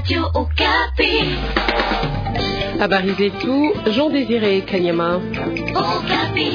Radio Okapi. Habari zetu, Jean Désiré Kanyama. Okapi.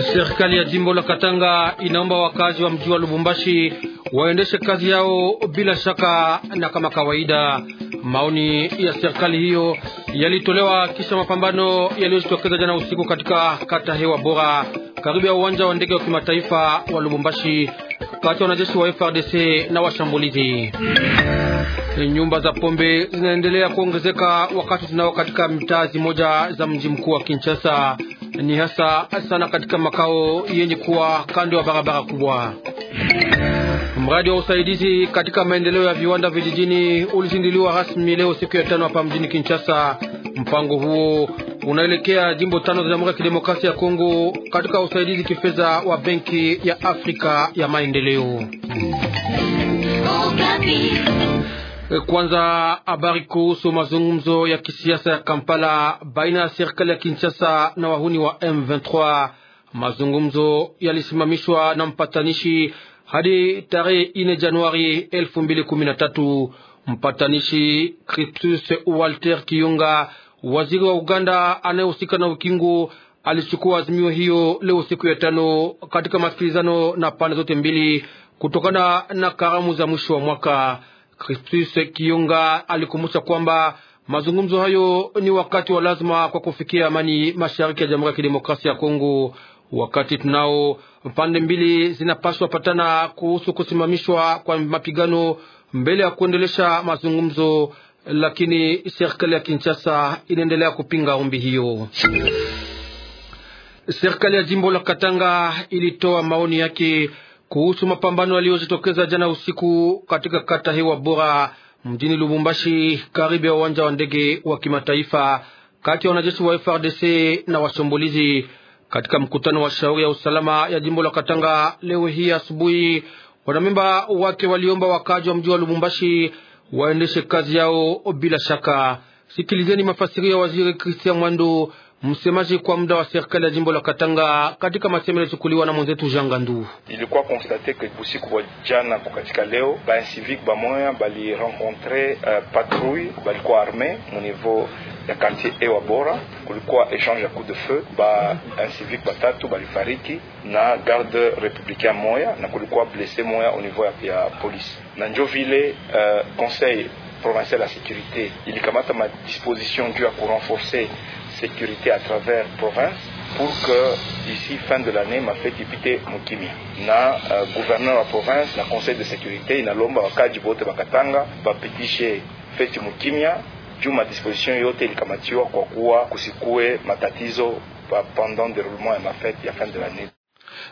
Serikali ya Jimbo la Katanga inaomba wakazi wa mji wa Lubumbashi waendeshe kazi yao bila shaka na kama kawaida. Maoni ya serikali hiyo yalitolewa kisha mapambano yaliyojitokeza jana usiku katika kata hewa bora karibu ya uwanja wa ndege wa kimataifa wa Lubumbashi kati ya wanajeshi wa FRDC na washambulizi. Nyumba za pombe zinaendelea kuongezeka wakati tunao katika mitaa moja za mji mkuu wa Kinshasa, ni hasa sana katika makao yenye kuwa kando ya barabara kubwa. Mradi wa usaidizi katika maendeleo ya viwanda vijijini ulizinduliwa rasmi leo siku ya tano hapa mjini Kinshasa. Mpango huo unaelekea jimbo tano za Jamhuri ya Kidemokrasia ya Kongo katika usaidizi kifedha wa Benki ya Afrika ya Maendeleo. Eh, kwanza habari kuhusu mazungumzo ya kisiasa ya Kampala baina ya serikali ya Kinshasa na wahuni wa M23. Mazungumzo yalisimamishwa na mpatanishi hadi tarehe 4 Januari 2013. Mpatanishi Christus Walter Kiyunga waziri wa Uganda anayehusika na ukingo alichukua azimio hiyo leo siku ya tano katika masikilizano na pande zote mbili kutokana na karamu za mwisho wa mwaka. Kristus Kiyonga alikumbusha kwamba mazungumzo hayo ni wakati wa lazima kwa kufikia amani mashariki ya Jamhuri ya Kidemokrasia ya Kongo. Wakati tunao pande mbili zinapaswa patana kuhusu kusimamishwa kwa mapigano mbele ya kuendelesha mazungumzo lakini serikali ya Kinshasa inaendelea kupinga ombi hiyo. Serikali ya jimbo la Katanga ilitoa maoni yake kuhusu mapambano yaliyojitokeza jana usiku katika kata hewa bora mjini Lubumbashi, karibu ya uwanja wa ndege wa kimataifa kati ya wanajeshi wa FRDC na washambulizi. Katika mkutano wa shauri ya usalama ya jimbo la Katanga leo hii asubuhi, wanamemba wake waliomba wakaji wa mji wa Lubumbashi waendeshe kazi yao bila shaka. Sikilizeni mafasirio ya waziri Christian Mwando, msemaji kwa muda wa serikali ya jimbo la Katanga, katika masemo yalichukuliwa na mwenzetu Jean Gandu. Ilikuwa constate que busiku wa jana kwa leo ba civic ba moya bali rencontrer uh, patrouille balikuwa arme mu niveau ya quartier ewa bora kulikuwa échange un coup de feu ba civique batatu balifariki na garde républicain moya na kulikuwa blessé moya au niveau de la police. njo euh, conseil provincial la sécurité Il ilikamata ma disposition à renforcer renforcer sécurité à travers province pour que ici fin de l'année fête député mokimia na Le euh, gouverneur la province na conseil de sécurité inalomba wakaji bote bakatanga bapitishe feti Mukimia. juu madisposition yote ilikamatiwa kwa kuwa kusikue matatizo pa pendant deroulement ya mafete ya fin de lannee.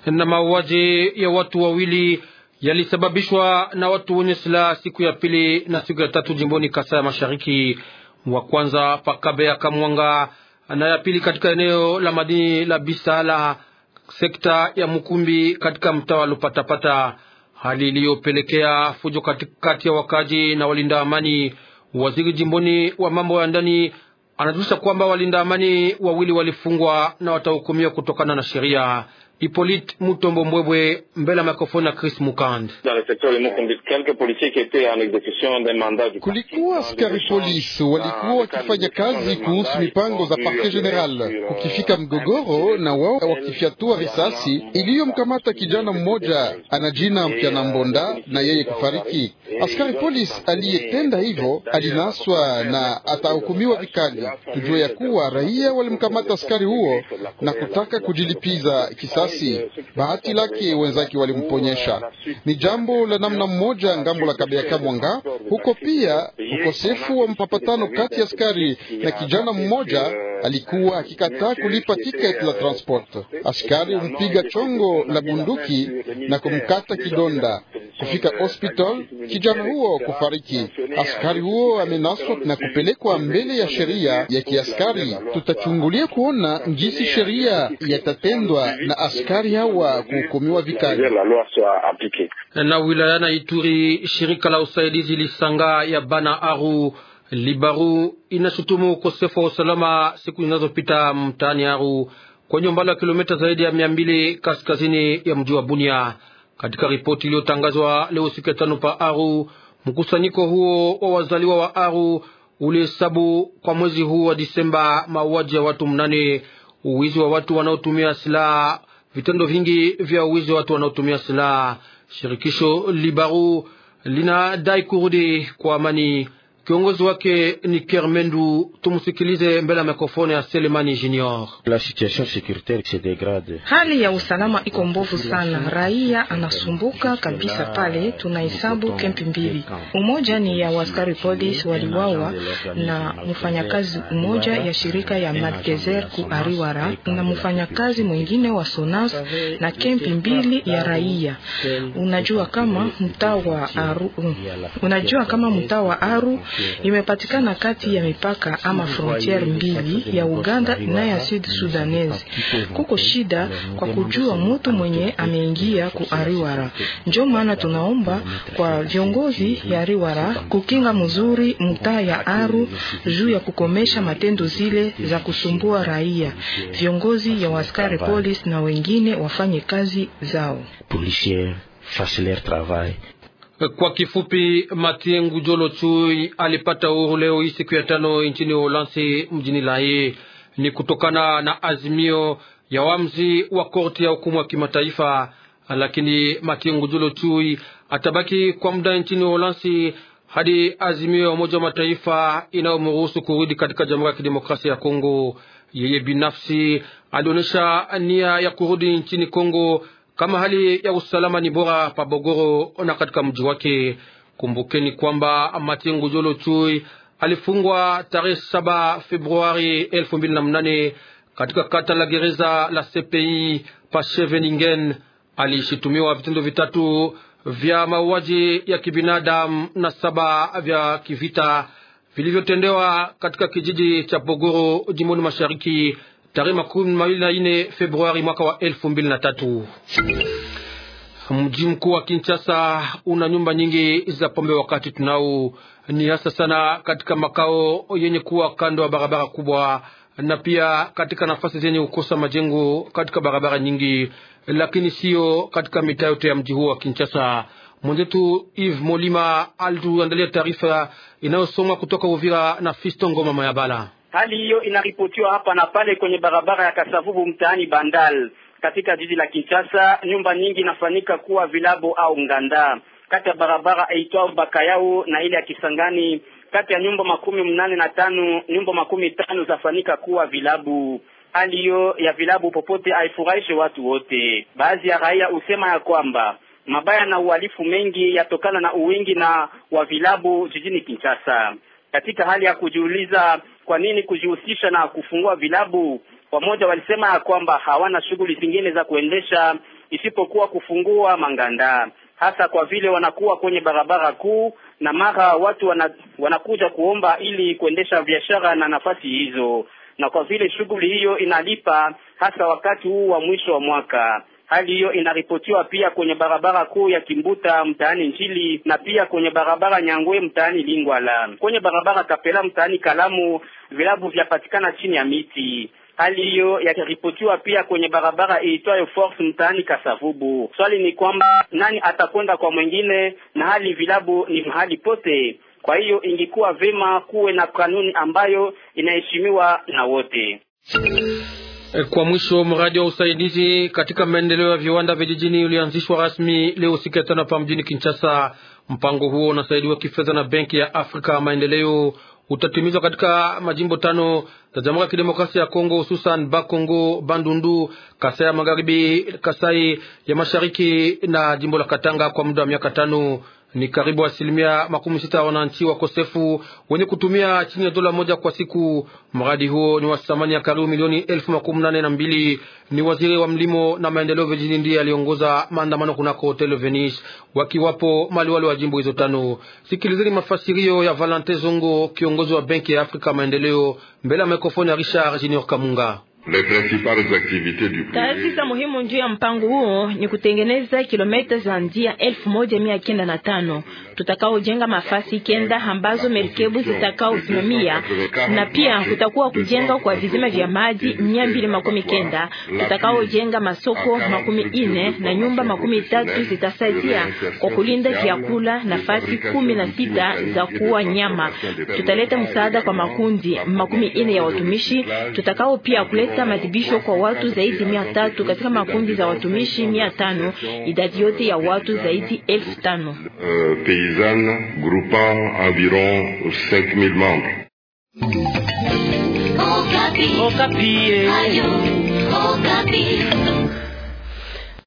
Na mauaji ya watu wawili yalisababishwa na watu wenye silaha siku ya pili na siku ya tatu jimboni Kasai ya Mashariki, wa kwanza pakabe ya Kamwanga na ya pili katika eneo la madini la Bisala, sekta ya Mukumbi katika mtaa wa Lupatapata, hali iliyopelekea fujo kati ya wakaji na walinda amani. Waziri jimboni wa mambo ya ndani anajulisha kwamba walinda amani wawili walifungwa na watahukumiwa kutokana na sheria. Hippolyte Mutombo Mbwebwe mbele ya mikrofoni ya Chris Mukand. Kulikuwa askari polisi walikuwa wakifanya kazi kuhusu mipango za parke general, kukifika euh, mgogoro na wao wakifyatua risasi iliyomkamata kijana mmoja ana jina na euh, Mbonda na yeye kufariki. Askari polisi aliyetenda hivyo alinaswa na atahukumiwa vikali. Tujue ya kuwa raia walimkamata askari huo na kutaka kujilipiza kisa risasi. Bahati lake wenzake walimponyesha. Ni jambo la namna mmoja ngambo la Kabeaka Mwanga, huko pia ukosefu wa mpapatano kati ya askari na kijana mmoja alikuwa akikataa kulipa tiketi la transport. Askari humpiga chongo la bunduki na kumkata kidonda kufika euh, hospital, kijana huo kufariki. Askari euh, huo amenaswa na kupelekwa mbele ya sheria ya kiaskari. Tutachungulia kuona ngisi sheria yatatendwa na askari hawa kuhukumiwa vikali. Na wilayana Ituri, shirika la usaidizi Lisanga ya Bana Aru Libaru inashutumu ukosefu wa usalama siku zinazopita mtaani Aru kwenye umbali wa kilomita zaidi ya mia mbili kaskazini ya mji wa Bunia. Katika ripoti iliyotangazwa leo siku ya tano pa Aru, mkusanyiko huo wa wazaliwa wa Aru ulihesabu kwa mwezi huu wa Disemba mauaji ya watu mnane, uwizi wa watu wanaotumia silaha, vitendo vingi vya uwizi wa watu wanaotumia silaha. Shirikisho Libaru linadai kurudi kwa amani. Kiongozi wake ni Kermendu. Tumsikilize mbele ya mikrofoni ya Selemani Junior. La situation securitaire se degrade, hali ya usalama iko mbovu sana, raia anasumbuka kabisa. Pale tunahesabu kempi mbili, umoja ni ya waskari polis waliwawa na mfanyakazi umoja ya shirika ya Madgezer kuariwara na mfanyakazi mwingine wa Sonas na kempi mbili ya raia. Unajua kama mtaa wa Aru, unajua kama mtaa wa Aru imepatikana kati ya mipaka ama frontiere mbili ya Uganda na ya Sud Sudanese. Kuko shida kwa kujua mtu mwenye ameingia ku Ariwara. njo maana tunaomba kwa viongozi ya Ariwara kukinga mzuri mtaa ya Aru juu ya kukomesha matendo zile za kusumbua raia. Viongozi ya waskari polisi na wengine wafanye kazi zao. Policier, travail. Kwa kifupi, Matiengu Jolo Chui alipata uhuru leo hii siku ya tano nchini Uholanzi mjini Lahi. Ni kutokana na azimio ya wamzi wa korti ya hukumu ya kimataifa, lakini Matiengu Jolo Chui atabaki kwa muda nchini Uholanzi hadi azimio ya Umoja wa Mataifa inayomruhusu kurudi katika Jamhuri ya Kidemokrasia ya Kongo. Yeye binafsi alionyesha nia ya kurudi nchini Kongo kama hali ya usalama ni bora pa Bogoro na katika mji wake. Kumbukeni kwamba Matingu Jolo Chui alifungwa tarehe saba Februari mnane katika kata la gereza la CPI pa Sheveningen. Alishitumiwa vitendo vitatu vya mauaji ya kibinadamu na saba vya kivita vilivyotendewa katika kijiji cha Bogoro jimboni mashariki tarehe makumi mawili na nne Februari mwaka wa elfu mbili na tatu. Mji mkuu wa Kinshasa una nyumba nyingi za pombe, wakati tunao ni hasa sana katika makao yenye kuwa kando ya barabara kubwa na pia katika nafasi zenye kukosa majengo katika barabara nyingi, lakini sio katika mitaa yote ya mji huo wa Kinshasa. Mwenzetu Yves Molima alituandalia taarifa inayosomwa kutoka Uvira na Fisto Ngoma Mayabala. Hali hiyo inaripotiwa hapa na pale kwenye barabara ya Kasavubu mtaani Bandal katika jiji la Kinshasa. Nyumba nyingi nafanika kuwa vilabu au nganda. Kati ya barabara aitwao Bakayau na ile ya Kisangani, kati ya nyumba makumi mnane na tano nyumba makumi tano zafanika kuwa vilabu. Hali hiyo ya vilabu popote haifurahishi watu wote. Baadhi ya raia husema ya kwamba mabaya na uhalifu mengi yatokana na uwingi na wa vilabu jijini Kinshasa katika hali ya kujiuliza kwa nini kujihusisha na kufungua vilabu. Wamoja walisema ya kwamba hawana shughuli zingine za kuendesha isipokuwa kufungua manganda, hasa kwa vile wanakuwa kwenye barabara kuu na mara watu wana, wanakuja kuomba ili kuendesha biashara na nafasi hizo, na kwa vile shughuli hiyo inalipa hasa wakati huu wa mwisho wa mwaka. Hali hiyo inaripotiwa pia kwenye barabara kuu ya Kimbuta mtaani Njili na pia kwenye barabara Nyangwe mtaani Lingwala. Kwenye barabara Kapela mtaani Kalamu vilabu vyapatikana chini ya miti. Hali hiyo yakiripotiwa pia kwenye barabara iitwayo Force mtaani Kasavubu. Swali ni kwamba nani atakwenda kwa mwingine, na hali vilabu ni mahali pote. Kwa hiyo ingekuwa vema kuwe na kanuni ambayo inaheshimiwa na wote. Eh, kwa mwisho, mradi wa usaidizi katika maendeleo ya viwanda vijijini ulianzishwa rasmi leo siku ya tano hapa mjini Kinshasa. Mpango huo unasaidiwa kifedha na Benki ya Afrika ya Maendeleo, utatimizwa katika majimbo tano za Jamhuri ya Kidemokrasia ya Kongo, hususan Bakongo, Bandundu, Kasai ya Magharibi, Kasai ya Mashariki na jimbo la Katanga kwa muda wa miaka tano. Ni karibu asilimia makumi sita ya wananchi wakosefu wenye kutumia chini ya dola moja kwa siku. Mradi huo ni wa thamani ya karibu milioni elfu makumi nane na mbili. Ni waziri wa mlimo na maendeleo vijijini ndiye aliongoza maandamano kunako Hotel Venice, wakiwapo maliwali wa jimbo hizo tano. Sikilizeni mafasirio ya Valente Zongo, kiongozi wa Benki ya Afrika Maendeleo, mbele ya mikrofoni ya Richard Junior Kamunga. Taasisa muhimu juu ya mpango huo ni kutengeneza kilomita za njia elfu moja mia kenda na tano tutakaojenga mafasi kenda ambazo merikebu zitakaosimamia, na pia kutakuwa kujenga kwa vizima vya maji mia mbili makumi kenda tutakaojenga masoko makumi ine na nyumba makumi tatu zitasaidia kwa kulinda vyakula, nafasi kumi na sita za kuwa nyama. Tutaleta msaada kwa makundi makumi ine ya watumishi, tutakao pia kuleta madibisho kwa watu zaidi mia tatu katika makundi za watumishi mia tano idadi yote ya watu zaidi elfu tano. Uh, paysanne groupant environ 5000 membres.